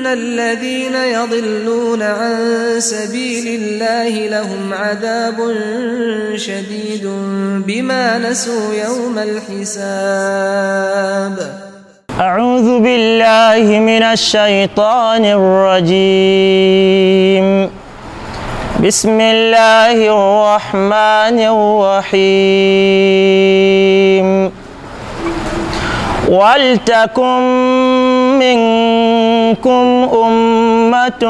ان الذين يضلون عن سبيل الله لهم عذاب شديد بما نسوا يوم الحساب اعوذ بالله من الشيطان الرجيم بسم الله الرحمن الرحيم ولتكن منكم أمة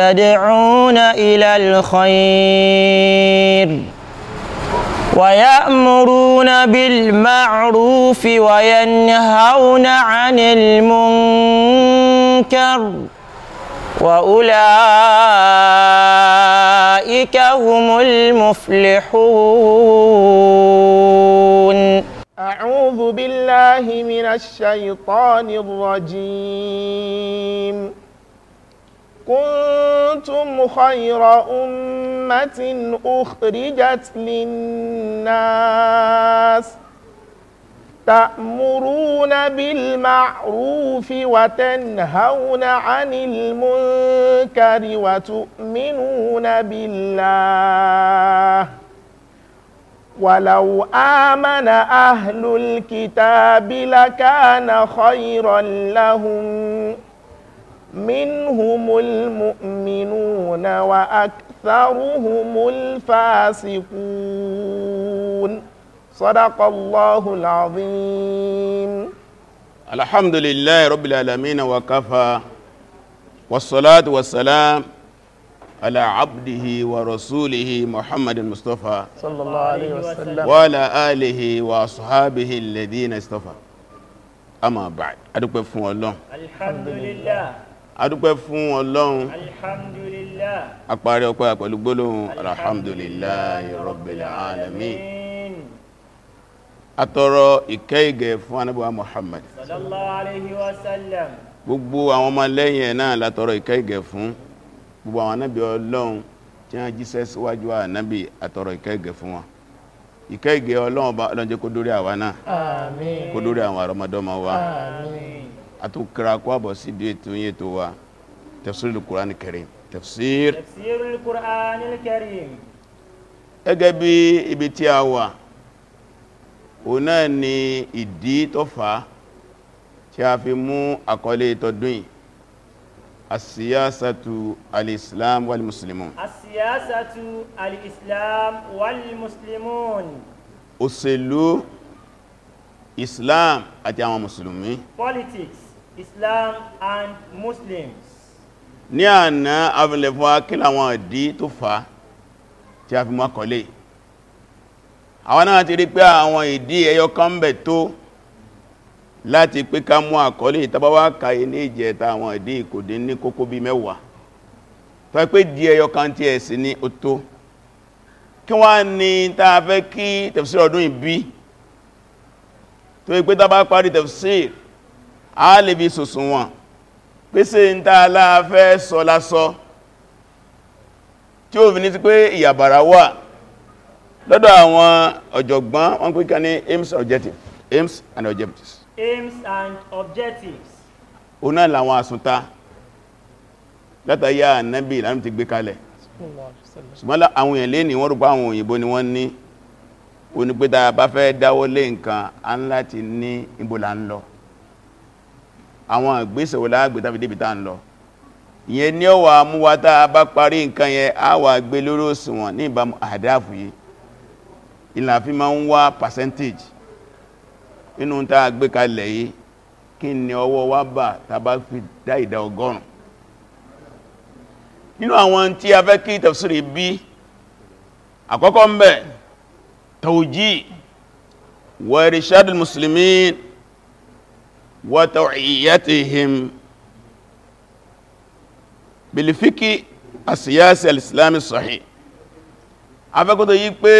يدعون إلى الخير ويأمرون بالمعروف وينهون عن المنكر وأولئك هم المفلحون أعوذ بالله من الشيطان الرجيم كنتم خير أمة أخرجت للناس تأمرون بالمعروف وتنهون عن المنكر وتؤمنون بالله ولو آمن أهل الكتاب لكان خيرا لهم منهم المؤمنون وأكثرهم الفاسقون صدق الله العظيم الحمد لله رب العالمين وكفى والصلاة والسلام على عبده ورسوله محمد المصطفى صلى الله عليه وسلم وعلى آله وأصحابه الذين اصطفى أما بعد أدوك فún Ọlọ́run الحمد لله adúpẹ́ fún ọlọ́run alhamdulillah àparí ọpẹ́ pẹ̀lú gbólóhùn alhamdulillah rabbil alamin àtọrọ ìkẹ́ ìgẹ̀ fún anábíwá Muhammad sallallahu alaihi wasallam gbogbo àwọn ọmọ lẹ́yìn ẹ̀ náà látọrọ ìkẹ́ ìgẹ̀ fún gbogbo àwọn anábì ọlọ́run tí wọ́n jíṣẹ́ síwájú ànábì àtọ̀rọ̀ ìkẹ́gẹ̀ fún wọn ìkẹ́gẹ̀ ọlọ́run ọba ọlọ́run jẹ́ kó dórí àwa náà kó dórí àwọn àrọ́mọdọ́mọ wa àmín àtúkìrà kó àbọ̀ sí ibi ètò yẹn tó wa tafsirul Qur'an Karim tafsir tafsirul Qur'an Karim gẹ́gẹ́ bí ibi tí a wà òun náà ni ìdí tó fà á tí a fi mú àkọlé tọdún yìí السياسة الإسلام والمسلمون السياسة الإسلام والمسلمون òṣèlú Islam àti àwọn Mùsùlùmí politics Islam and Muslims ní àná abìnlẹ̀ fún akílà àwọn ìdí tó fà á tí a fi mọ́ kọlé àwọn ti rí pé àwọn ìdí ẹyọ kan bẹ̀ tó láti pé ká mú àkọlé ìtàbáwá kàí ní ìjẹta àwọn ìdí ìkòdí ní kókó bí mẹ́wàá tó pé di ẹyọ kan tí ẹ̀sì ní ó tó kí wá ní tàà fẹ́ kí tẹ̀fsír ọdún ìbí tó pé tàbá parí tẹ̀fsír a lè bí sùsùn wọn pèsè ń tàà láàfẹ́ sọ lásọ tí ó fi ní sí pé ìyàbàrá wà lọ́dọ̀ àwọn ọ̀jọ̀gbọ́n wọn pé ká ní aims and objectives aims and objectives aims and objectives o náà làwọn àsùntà látàyà ànábì ìlànà ti gbé kalẹ̀ ṣùgbọ́n àwọn èèyàn lè ní wọ́n rúpa àwọn òyìnbó ni wọ́n ní o ní pé tàbá fẹ́ dáwọ́ lé nǹkan a ń láti ní ìbòlà ń lọ àwọn ìgbésẹ̀ ìlànà fi máa ń wá percentage inú tá a gbé kalẹ̀ yìí kí ni ọwọ́ wá bà tàbá fi dá ìdá ọgọ́rùn nínú àwọn tí a fẹ́ kí tafsiri bí àkọ́kọ́ ń bẹ tawjí wa irshadul muslimin wa taw'iyatihim bil fiqh as al-islami as-sahih afẹ́kọ́tọ̀ yí pé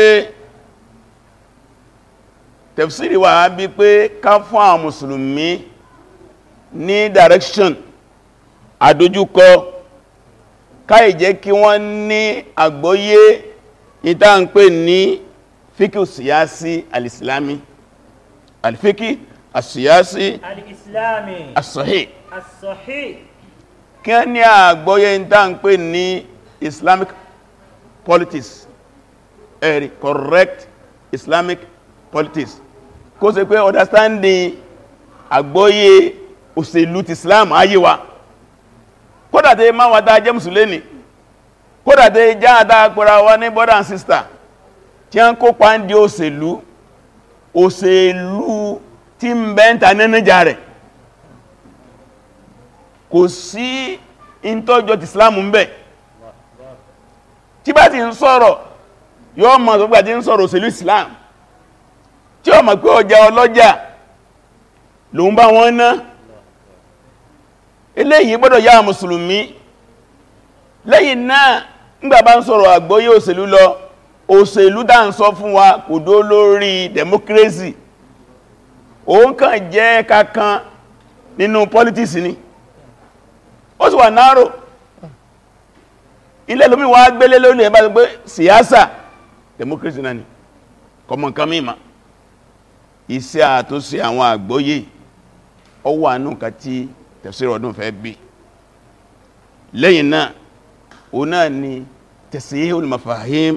tẹ̀fsìrì wà á bí pé ká fún àwọn mùsùlùmí ní direction àdójúkọ káì jẹ́ kí wọ́n ní àgbọ́yé ìta ń pè ní fíkì síyásí alìsìlámi alìfíkì àsíyásí alìsìlámi àsọ̀hí àsọ̀hí kí wọ́n ní àgbọ́yé ìta ń pè ní islamic politics ẹ̀rì correct islamic politics kó ṣe pé understanding àgbọ́yé òṣèlú ti Islam ayé wa kódà tẹ́ máa wà dáa jẹ́ mùsùlùmí kódà tẹ́ já dáa pẹ̀rà wa ní brother and sister tí a ń kópa ń di òṣèlú òṣèlú tí ń bẹ́ǹta nẹ́nìjà rẹ̀ kò sí ìntọ́jọ́ ti Islam ń bẹ̀ tí bá ti ń sọ̀rọ̀ yọ́ mọ̀ tó gbà tí ń sọ̀rọ̀ òṣèlú Islam tí ó mọ̀ pé ọjà ọlọ́jà ló ń bá wọn ná eléyìí gbọ́dọ̀ yá mùsùlùmí lẹ́yìn náà ńgbà bá ń sọ̀rọ̀ àgbọ́yé òṣèlú lọ òṣèlú dá ń sọ fún wa kò dó lórí democracy òun kàn jẹ́ kankan nínú politics ni ó sì wà náàrò ilẹ̀ lómi wá gbélé lórí ẹ̀bá pé siyasa democracy náà ni kọmọ nǹkan mímọ̀ iṣẹ́ àtúnṣe àwọn àgbóyé ó wà nùkan tí tafsir ọdún fẹ́ bí lẹ́yìn náà o náà ni tasihihul mafahim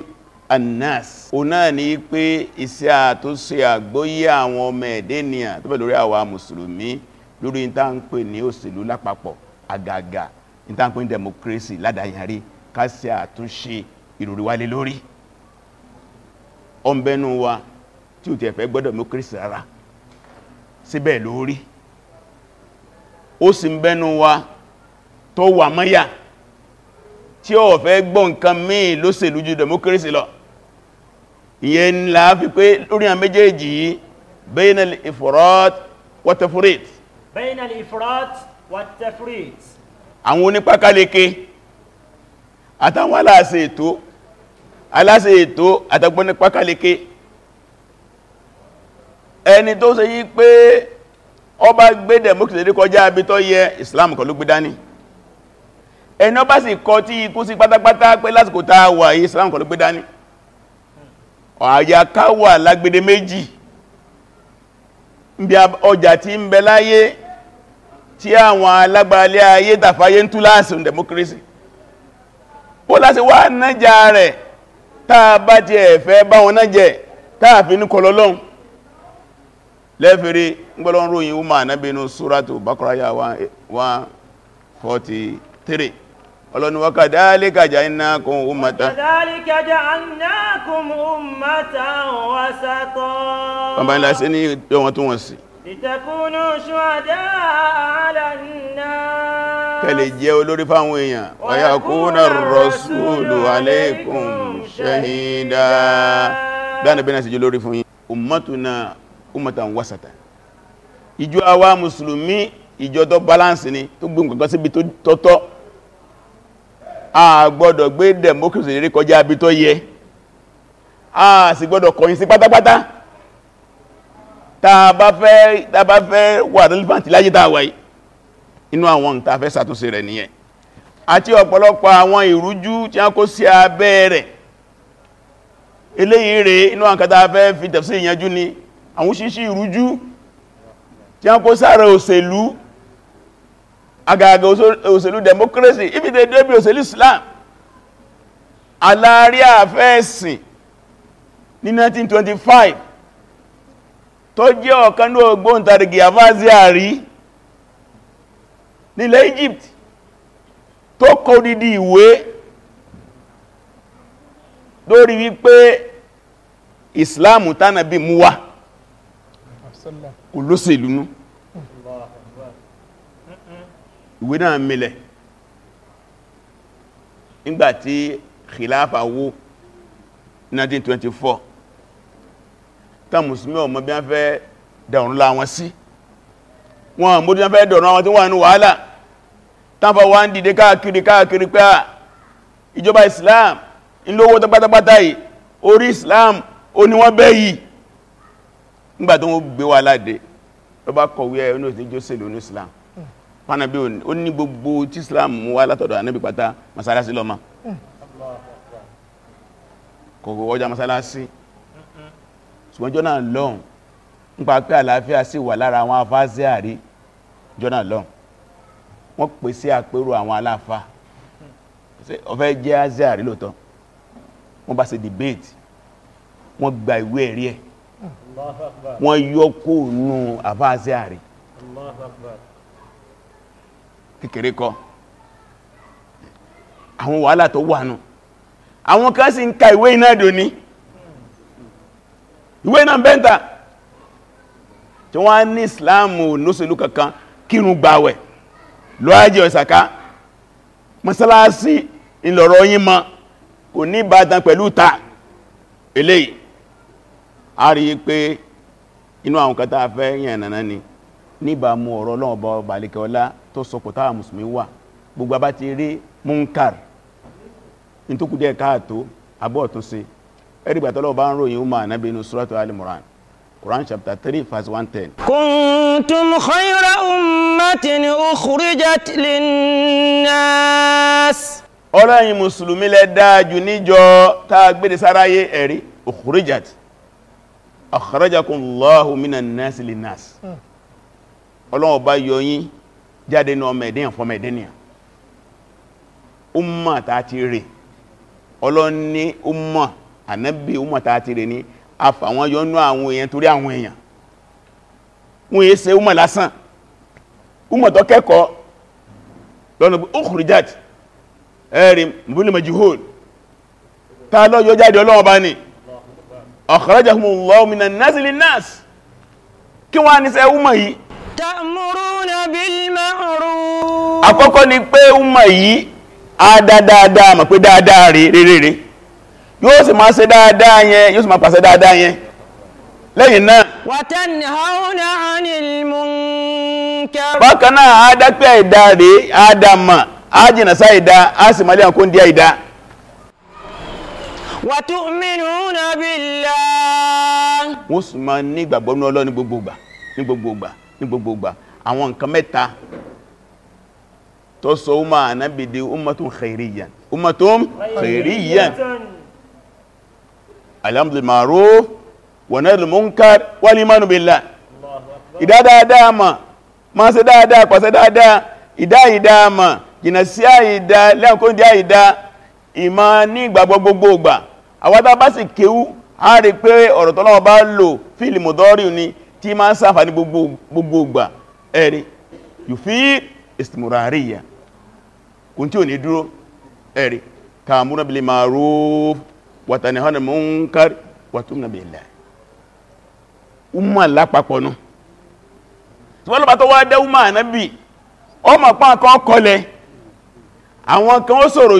annas o náà ni pé iṣẹ́ àtúnṣe àgbóyé àwọn ọmọ ẹ̀dẹ́nìyàn tó bẹ̀ lórí àwa mùsùlùmí lórí ìta ń ní òṣèlú lápapọ̀ àgàgà ìta ń ní democracy ládàyàrí ká ṣe àtúnṣe ìròrí wálé lórí ọmọbẹ̀nú wa tí ò tiẹ̀ fẹ́ gbọ́dọ̀ mú kírísì rárá síbẹ̀ lórí ó sì ń bẹ́nu wa tó wà mọ́yà tí ó fẹ́ gbọ́ nǹkan míì lóṣèlú ju democracy lọ ìyẹn ńlá fi pé lórí àwọn méjèèjì yìí bayna al-ifrat wa tafrit bayna àwọn onípákáleke àtàwọn aláṣẹ ètò aláṣẹ ètò àtàgbọ́n ẹni tó ṣe yí pé ọba gbé democracy kọjá abi tó yẹ islam kọ̀ ló gbé dání ẹni ọba sì kọ tí ikú sí pátápátá pé lásìkò tá wà yí islam kọ̀ ló gbé dání ọ̀yà wà ọjà tí ń bẹ láyé tí àwọn alágbàálẹ̀ ayé tàfàyé ń tú láàsì democracy ó láti wá rẹ̀ bá ti ẹ̀fẹ́ báwọn fi lẹ́fẹ̀ẹ́rẹ́ gbọ́lọ́n ròyìn ó máa nábínú súratù Baqarah 143 ọlọ́ni wa kadhalika ja'alnakum ummatan kadhalika ja'alnakum ummatan wasatan ọmọ ilẹ̀ sí ní yọwọn tó wọ́n sí kẹlẹ̀ jẹ́ olórí fáwọn èèyàn wa yakuna umatan wasata ìjọ àwa mùsùlùmí ìjọ to balance ni tó gbé nǹkan síbi tó tọ́tọ́ a gbọ́dọ̀ gbé democracy lérí kọjá abi tó yẹ a sì gbọ́dọ̀ kọ̀yìn sí pátápátá tá bá fẹ́ tá bá fẹ́ wà relevant láyé tá wà yìí inú àwọn nǹkan tá fẹ́ ṣàtúnṣe rẹ̀ nìyẹn àti ọ̀pọ̀lọpọ̀ àwọn ìrújú tí a kó sí abẹ́ rẹ̀ eléyìí rẹ̀ inú àǹkan tá fi tẹ̀sí ìyànjú ni àwọn òṣìṣì ìrújú tí wọ́n kó sára òṣèlú àgàgà òṣèlú democracy ibi tẹ́ débi òṣèlú Islam alárí àfẹ́ẹ̀sìn ní 1925 tó jẹ́ ọ̀kan ní ògbóǹtarìgì àfáàzíà rí nílẹ̀ Egypt tó kọ dídí ìwé lórí wípé Islam tánàbí mú kò lóṣèlú nú ìwé náà mìlẹ̀ nígbàtí khilafa wó 1924 tá musulmi ọmọ bí wọ́n fẹ́ dẹ̀rùn láwọn sí wọn mọ́dún wọ́n fẹ́ dẹ̀rùn àwọn tí wọ́n nínú wàhálà tánfà wá ń dìde káàkiri káàkiri pé à ah, ìjọba islam ìlówó tọ́pátápátá yìí orí islam ó ní wọ́n bẹ́ yìí nígbà tó wọ́n gbé wa láde ló bá kọ̀wé ẹ̀ ní òsìn jọ́sẹ̀ lónú islam pánàbí hmm. ó ní gbogbo tí islam mú wá látọ̀dọ̀ ànábì pátá masalasi lọ́mà hmm. kọ̀wé ọjà masalasi ṣùgbọ́n jọ́nà lọ́n nípa pé àlàáfíà sì wà lára àwọn afáàzẹ́ àrí jọ́nà lọ́n wọ́n pè sí àpérò àwọn aláfáà ọ̀fẹ́ jẹ́ azẹ́ àrí lóòtọ́ wọ́n bá ṣe debate wọ́n gba ìwé ẹ̀rí ẹ̀ wọ́n yọ kó nù àfáàsẹ́ àrí kékeré kọ́ àwọn wàhálà tó wà nù àwọn kan sì ń ka ìwé iná dò ní ìwé náà bẹ́ntà tí wọ́n ní islamu lóṣèlú kankan kírun gbàwẹ̀ lọ́ájẹ́ ọ̀sàká mọ́sálásí ìlọ̀rọ̀ yín ma kò ní bàtàn pẹ̀lú ta eléyìí a rí i pé inú àwọn kan fẹ́ yàn nàná ni níbàámu ọ̀rọ̀ ọlọ́run ọba balẹ̀kẹ́ ọlá tó sọpọ̀ táwọn mùsùlùmí wà gbogbo abá ti rí munkar ní tó kù díẹ̀ káàtó abọ́ ọ̀túnṣe ẹ̀rìgbà tọ́lọ́ bá ń ròyìn umar nabi inú suratu al-imran quran chapter three verse one ten. kuntum khayra ummatin ukhrijat linnas. ọlọ́yin mùsùlùmí lẹ dáa jù níjọ tá a gbé de sáráyé ẹ̀rí ukhrijat akhrajakumullahu minan nasi lin nas hmm. ọlọ́wọ́ bá yọ yín jáde ní ọmọ ẹ̀dẹ́yàn fọmọ ẹ̀dẹ́nìyàn umma ta ti rè ọlọ́ni umma ànábì umma ta ti rè ní afàwọn yọnú àwọn èèyàn torí àwọn èèyàn wọ́n yé ṣe umma lásán umma tó kẹ́kọ̀ọ́ lọ́nà akhrajahumullahu minan nasi linnas kí wọ́n ní sẹ́ umma yìí ta'muruna bil ma'ruf àkọ́kọ́ ni pé umma yìí a dáadáa mọ̀ pé dáadáa rí rí rí yóò sì máa ṣe dáadáa yẹn yóò sì máa pàṣẹ dáadáa yẹn lẹ́yìn náà wa tanhauna 'anil munkar bákan náà a dápẹ́ ìdá á jìnà wà tó mìnúnà billah. wọ́n sì máa ní ìgbàgbọ́ ní Ọlọ́run ní gbogbo ìgbà ní gbogbo ìgbà ní gbogbo ìgbà àwọn nǹkan mẹ́ta tó sọ ọmọ ànábì di ummatun khairiyyan ummatun khairiyyan al-amru bil ma'ruf wa nahyu anil munkar wal imanu billah ìdá ṣe dáadáa pàṣẹ dáadáa ìdá ìdá ma jìnà sí àìdá lẹ́nkó ìdá ìdá ìmá ní ìgbàgbọ́ gbogbo àwọn bá bá sì kéwú a rí pé ọ̀rọ̀ tọ́lọ́wọ́ bá lò fíìlì mọ̀dọ́rì ni tí máa ń sàǹfàní gbogbogbà ẹ̀rí yùfí istimurariya kò tí ò ní dúró ẹ̀rí kàmúnà bil ma'ruf wa tanhana 'anil munkar wa umma lápapọ̀ nù tí wọ́n lọ́pàá tó wá dẹ́ umma ànábì ọmọ pàǹkan kọlẹ̀ àwọn kan ó sọ̀rọ̀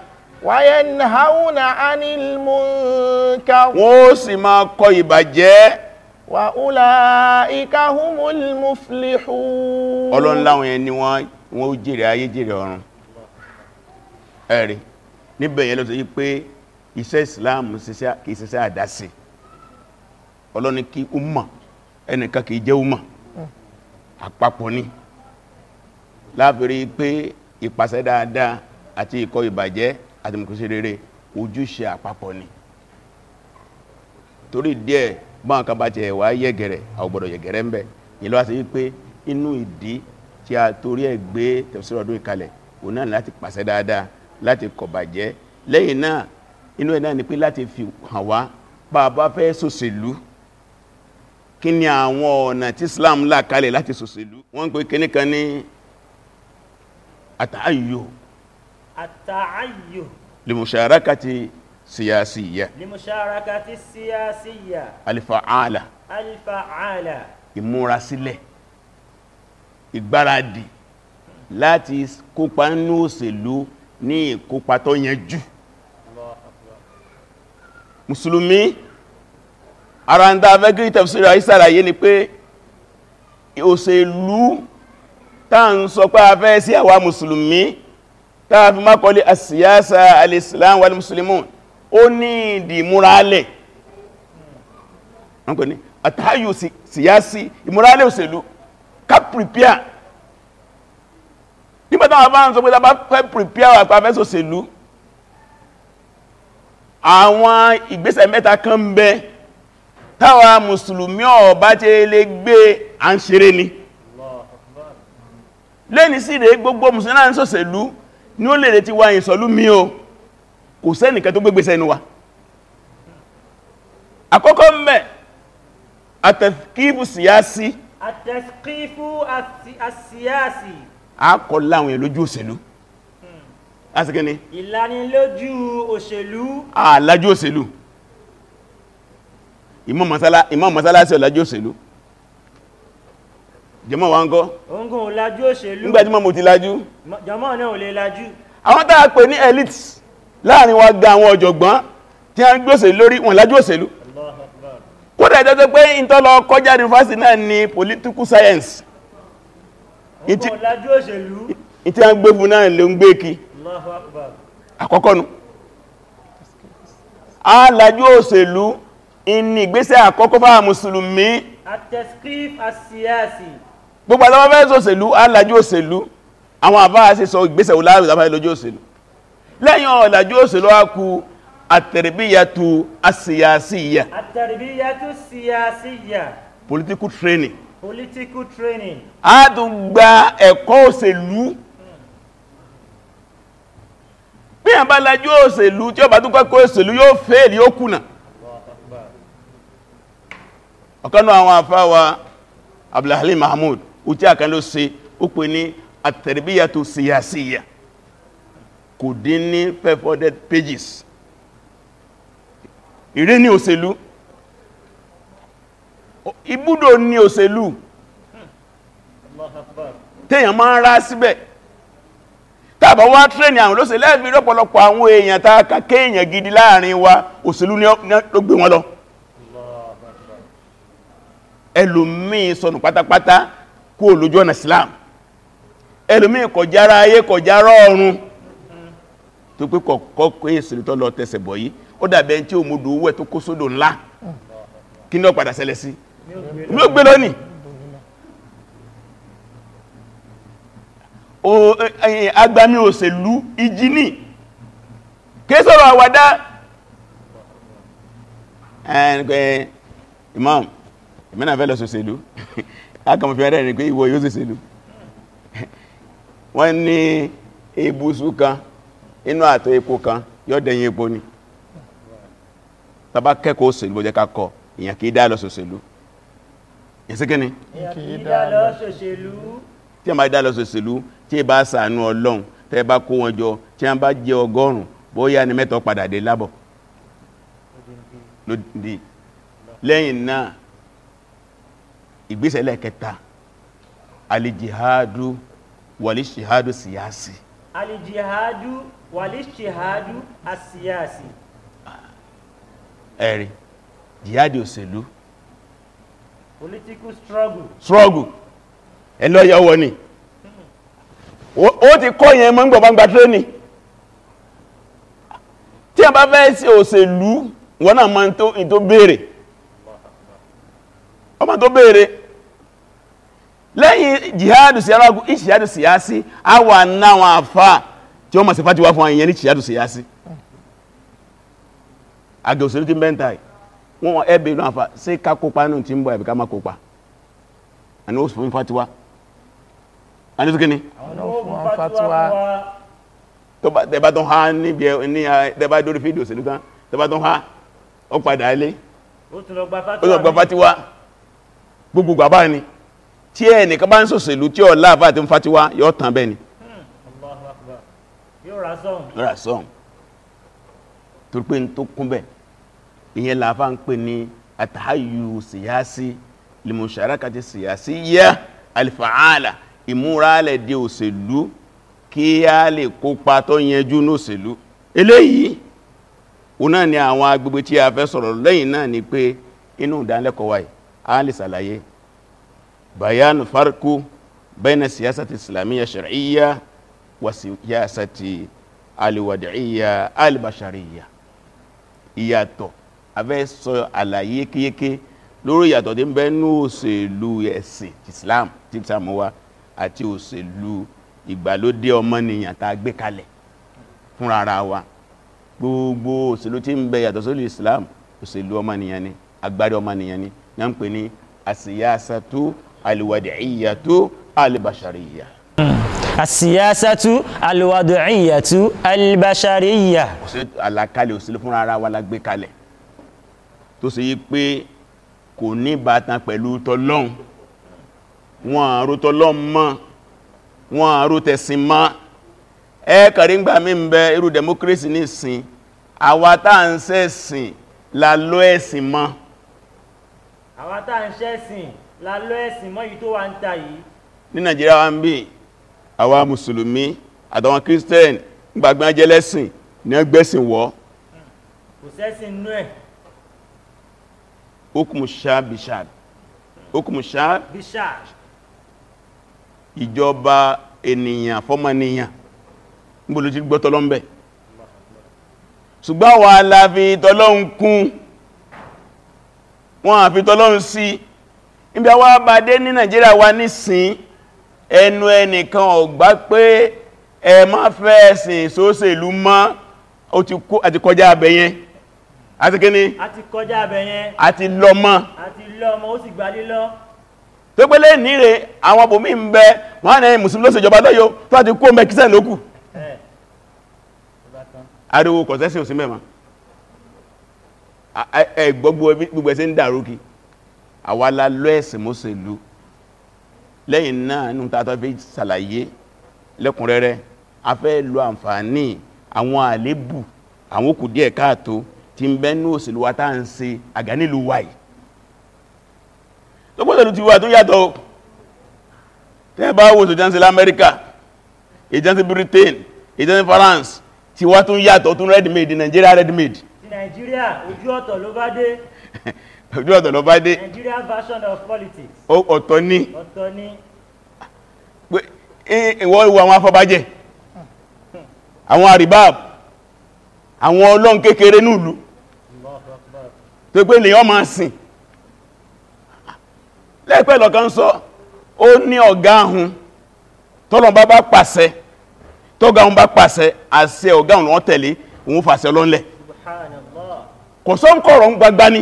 wàyẹnìhàúnà ánìlmùnkà wọ́n ó sì máa kọ ìbàjẹ́ wà úlà ikahumulmuflihu ọlọ́nláwọn yẹn ni wọ́n ó jèrè ayé jèrè ọ̀run ẹ̀rí níbẹ̀yẹn lọ́tọ̀ yí pé iṣẹ́ Islam kìí ṣiṣẹ́ àdásí ọlọ́ni kí umma àdìmọ̀kọ́sí rere ojúṣe àpapọ̀ ni torí díẹ̀ báwọn kan bá ti ẹ̀wà yẹ̀gẹ̀rẹ̀ àwògbọ̀dọ̀ yẹ̀gẹ̀rẹ̀ ń bẹ ìlú àti wípé inú ìdí tí a torí ẹ̀ gbé tẹ̀síwájú ọdún ìkalẹ̀ òun náà láti pàṣẹ dáadáa láti kọ̀bàjẹ́ lẹ́yìn náà inú ẹ̀ náà ni pé láti fi hàn wá bá a bá fẹ́ ṣòṣèlú kí ni àwọn ọ̀nà tí Islam là kalẹ̀ láti ṣòṣèlú wọ́n ń pè kíníkan ní àtàyò التعيه لمشاركة سياسية لمشاركة السياسية الفعالة الفعالة ìmúrasílẹ̀ ìgbáradì láti kópa nínú òṣèlú ní ìkópa tó yanjú mùsùlùmí ara ń dá avẹ́gírí tafsir àìsàlàyé ni pé òṣèlú tá ń sọ pé a sí àwa mùsùlùmí tàbí mákọlé àsìyásá alìsìláàm wà ní musulmùn ó ní ìdí múrálẹ̀ wọ́n kò ní àtàyò síyásí ìmúrálẹ̀ òṣèlú ká prepare nígbàtà wọ́n bá ń sọ pé tàbá fẹ́ prepare wà pàfẹ́ òṣèlú àwọn ìgbésẹ̀ mẹ́ta kan ń bẹ táwa mùsùlùmí ọ̀bá tí lè gbé à ń ṣeré ni lẹ́ni sí rẹ̀ gbogbo mùsùlùmí náà ń ṣòṣèlú ní ó lè lè ti wá ìsọ̀lú mi o kò sẹ́nìkan tó gbégbé sẹ́nu wa àkọ́kọ́ mẹ́ àtẹ̀kífù síyásí àtẹ̀kífù àsíyásí àkọ́ láwọn ìlójú òṣèlú asìkí ni ìlanilójú òṣèlú àlájú òṣèlú ìmọ̀ mọ́sálásí ọ̀lájú òṣèlú jẹmọ́ wa ń kọ́ oúngun òlájú òṣèlú nígbàtímọ̀ mo ti lájú jẹmọ́ náà ò lè lájú àwọn tàà pè ní elite láàrin wa ga àwọn ọ̀jọ̀gbọ́n tí a ń gbé òṣèlú lórí wọn lájú òṣèlú kódà ẹjọ́ tó pé in tó kọjá university náà ni political science oúngun òlájú òṣèlú ìtí a ń gbé fún náà lè ń gbé kí àkọ́kọ́ nu alájú òṣèlú in ni ìgbésẹ̀ gbogbo àtàwọn fẹ́ sòṣèlú alájú òṣèlú àwọn àbá ṣe sọ ìgbésẹ̀ oláàrùn àbá ìlójú òṣèlú lẹ́yìn ọ̀làjú òṣèlú á kú àtẹ̀rẹ̀bíyàtú àṣìyàṣìyà àtẹ̀rẹ̀bíyàtú síyàṣìyà political training political training a tún gba ẹ̀kọ́ òṣèlú bí àbá lájú òṣèlú tí ó bá tún kọ́kọ́ òṣèlú yóò fẹ́ẹ̀lì ó kùnà ọ̀kanú àwọn àfáwà Abdulhalim Mahmud ó tí àkàn ló ṣe ó pè ní at-tarbiyatu siyasiyya kò dín ní 500 pages ìrẹ́ ní òṣèlú ibùdó ní òṣèlú tèèyàn máa ń rá síbẹ̀ tàbà wá tírẹ̀nì àwọn olóṣèlú lẹ́bí rọ́pọ̀lọpọ̀ àwọn èèyàn tá kàkẹ́ èèyàn gidi láàrin wa òṣèlú ní ló gbé wọn lọ ẹlòmíì sọnù pátápátá kú olójú ọ̀nà Islam ẹlòmí kọjára ayé kọjára ọ̀run tó pé kọ̀kọ́ pé ìsìnlítọ́ lọ tẹsẹ̀ bọ̀ yìí ó dàbẹ̀ tí ó múdù wẹ́ tó kó sódò ńlá kí ní ọ̀padà ṣẹlẹ̀ sí ló gbé lónìí agbami òṣèlú ìjìní kéṣọ́rọ̀ àwàdá imam ìmẹ́nà fẹ́ lọ sọ́sẹ̀lú akàmọ̀ fi ẹ̀rẹ́ rẹ̀ pé ìwọ yóò ṣèṣèlú wọ́n ní ibùsù kan inú àtọ́ epo kan yóò dẹ̀yìn epo ni tàbá kẹ́kọ̀ọ́ òṣèlú bó jẹ́ ká kọ ìyàn kìí dá lọ ṣòṣèlú ìsìnkíní tí a bá dá lọ ṣòṣèlú tí ẹ bá ṣàánú ọlọ́run tẹ́ bá kó wọn jọ tí a bá jẹ ọgọ́rùn bóyá ni mẹ́tọ̀ padà dé lábọ̀ lẹ́yìn náà ìgbésẹ̀ lẹ́kẹta alìjìhádù wàlìṣìhádù síyásí alìjìhádù wàlìṣìhádù àsíyásí ẹ̀rí jihadi òṣèlú political struggle struggle ẹlọ́yà ọwọ́ ni ó ti kọ́ yẹn mọ́ ń gbọ̀gbàgbà tréní tí a bá fẹ́ sí òṣèlú wọ́n náà ma ń tó béèrè ọmọ tó béèrè lẹ́yìn jihadu siyaragu ishihadu siyasi a wà náwọn àfá tí ó ma se fàtíwá fún àyẹ̀yẹ ní jihadu siyasi àgbẹ̀ òṣèlú ti bẹ́ntà wọ́n wọ́n ẹbẹ̀ inú àfá sí ká kópa nù tí ń bọ̀ ẹ̀bẹ̀ ká má kópa àni ó fún fàtíwá àni ni tẹ́bá tó ha níbi ní tẹ́bá dórí fídíò òṣèlú tán tẹ́bá tó ha ó padà ilé tí ẹnìkan bá ń sòṣèlú tí ọ̀lá àfá àti fatiwa yóò tàn bẹ́ni Allahu Akbar yóò rà sọ́m limusharakati síyásí yá alifa'ala ìmúralẹ̀ di òṣèlú kí a lè kópa tó yẹnjú eléyìí òun náà ni àwọn agbègbè tí a fẹ́ sọ̀rọ̀ lẹ́yìn náà ni pé inú ìdánilẹ́kọ̀ọ́ wáyìí a lè ṣàlàyé bayan farko bayna siyasati islamiyya shar'iyya wa siyasati alwad'iyya albashariyya ìyàtọ̀ abẹ́ sọ àlàyé kéyéké lórí ìyàtọ̀ tí ń bẹ nú òṣèlú ẹ̀sìn islam tí islam wá àti òṣèlú ìgbàlódé ọmọnìyàn tá a gbé kalẹ̀ fúnra ara wa gbogbo òṣèlú tí ń bẹ yàtọ̀ sólù islam òṣèlú ọmọnìyàn ni agbárí ọmọnìyàn ni ní à ń pè ní àsìyásátú alwad'iyatu albashariyya. àsíyásátú hmm. alwad'iyatu albashariyya. kò sí àlàkalẹ̀ òsèlú fúnra ara wa la gbé kalẹ̀ tó sì yí pé kò ní bàtàn pẹ̀lú tọlọ́hun wọn àrò tọlọ́hun mọ́ wọn àrò tẹ̀sìn mọ́ ẹ́ẹ̀kàrí ń gbà mí ń bẹ irú democracy ní ìsìn àwátá ń sẹ́sìn lálọ́ ẹ̀sìn mọ́ àwátá ń sẹ́sìn lálọ́ ẹ̀sìn mọ́ yìí tó wà ń ta yìí ní Nàìjíríà wa ń bí àwa mùsùlùmí àtàwọn Christian gbàgbà jẹ́lẹ́sìn ní ẹgbẹ́sìn wọ́ kò sẹ́sìn nú ẹ̀ hukumu shab bishab bishad shab bishab ìjọba ènìyàn fọ́mọnìyàn níbo ló ti gbọ́ tọ́lọ́m̀bẹ̀ ṣùgbọ́n wà láàfin tọ́lọ́hun kún wọ́n àfi tọ́lọ́hun sí si. níbi àwọn abadé ní nigeria wa nísìn ẹnu ẹnìkan ọ̀gbá pé ẹ ma fẹ́ ẹ̀sìn sóṣèlú mọ́ ti àti kọjá abẹ̀yẹn àti kíní àti lọ́mọ́ tó pé lè níre àwọn bòmí ń bẹ wọ́n ní mùsùlùmí ló ṣèjọba lọ́yọ́ tó àti kó mẹ́ àwálá lọ́ẹ̀sìn mọ́sẹ̀lú lẹ́yìn náà ní tààtọ́ fi sàlàyé lẹ́kùnrẹ́rẹ́ a fẹ́ lo àǹfààní àwọn àlébù àwọn òkú díẹ̀ káàtó tí ń bẹ́nú òṣèlú wa tá ń ṣe àgánílù wáì tó pọ́sẹ̀lú ti wà tó yàtọ̀ tẹ́ bá wò tó jẹ́ Amẹ́ríkà ìjẹ́ Britain ìjẹ́ France ti wá tó yàtọ̀ tó ready Nigeria ready made Nigeria ojú ọ̀tọ̀ ló ojú ọ̀tọ̀ ló bá dé Nigerian version of politics ọ̀tọ̀ ní ọ̀tọ̀ ní ìwọ ìwọ àwọn afọbajẹ́ àwọn àríbáàb àwọn ọlọ́n kékeré nílùú tó pé lèyàn máa sìn lẹ́pẹ́ lọ́kan sọ ó ní ọ̀gá ahun tọ́lọ̀n bá bá pàṣẹ tọ́gá ahun bá pàṣẹ àṣẹ ọ̀gá ahun lọ́n tẹ̀lé òun fàṣẹ lọ́nlẹ̀ kò sọ́nkọ̀rọ̀ ń gbagbá ní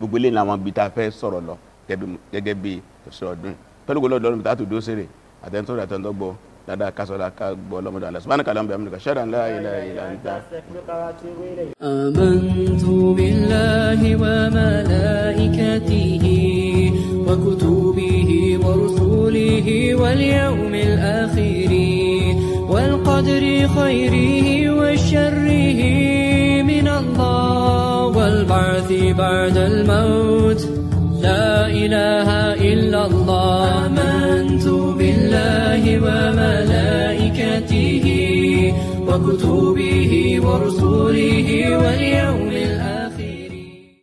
gbogbo eléyìí làwọn ibi tá a fẹ́ sọ̀rọ̀ lọ gẹ́gẹ́ bí tòṣìṣẹ́ ọdún pẹ̀lú gbọ́dọ̀ lọ́dún tá a tún dúró sèrè àtẹnudọ́ àtẹnudọ́gbọ́ dáadáa ká sọ́dọ̀ ká gbọ́ lọ́mọdé àlọ́ subhanaka allahumma bihamdika ashhadu an la ilaha illa anta. amantu billahi wa malaikatihi wa kutubihi wa rusulihi wal yawmil akhir wal qadri khayrihi wa sharrihi min Allah. والبعث بعد الموت لا إله إلا الله آمنت بالله وملائكته وكتبه ورسله واليوم الآخر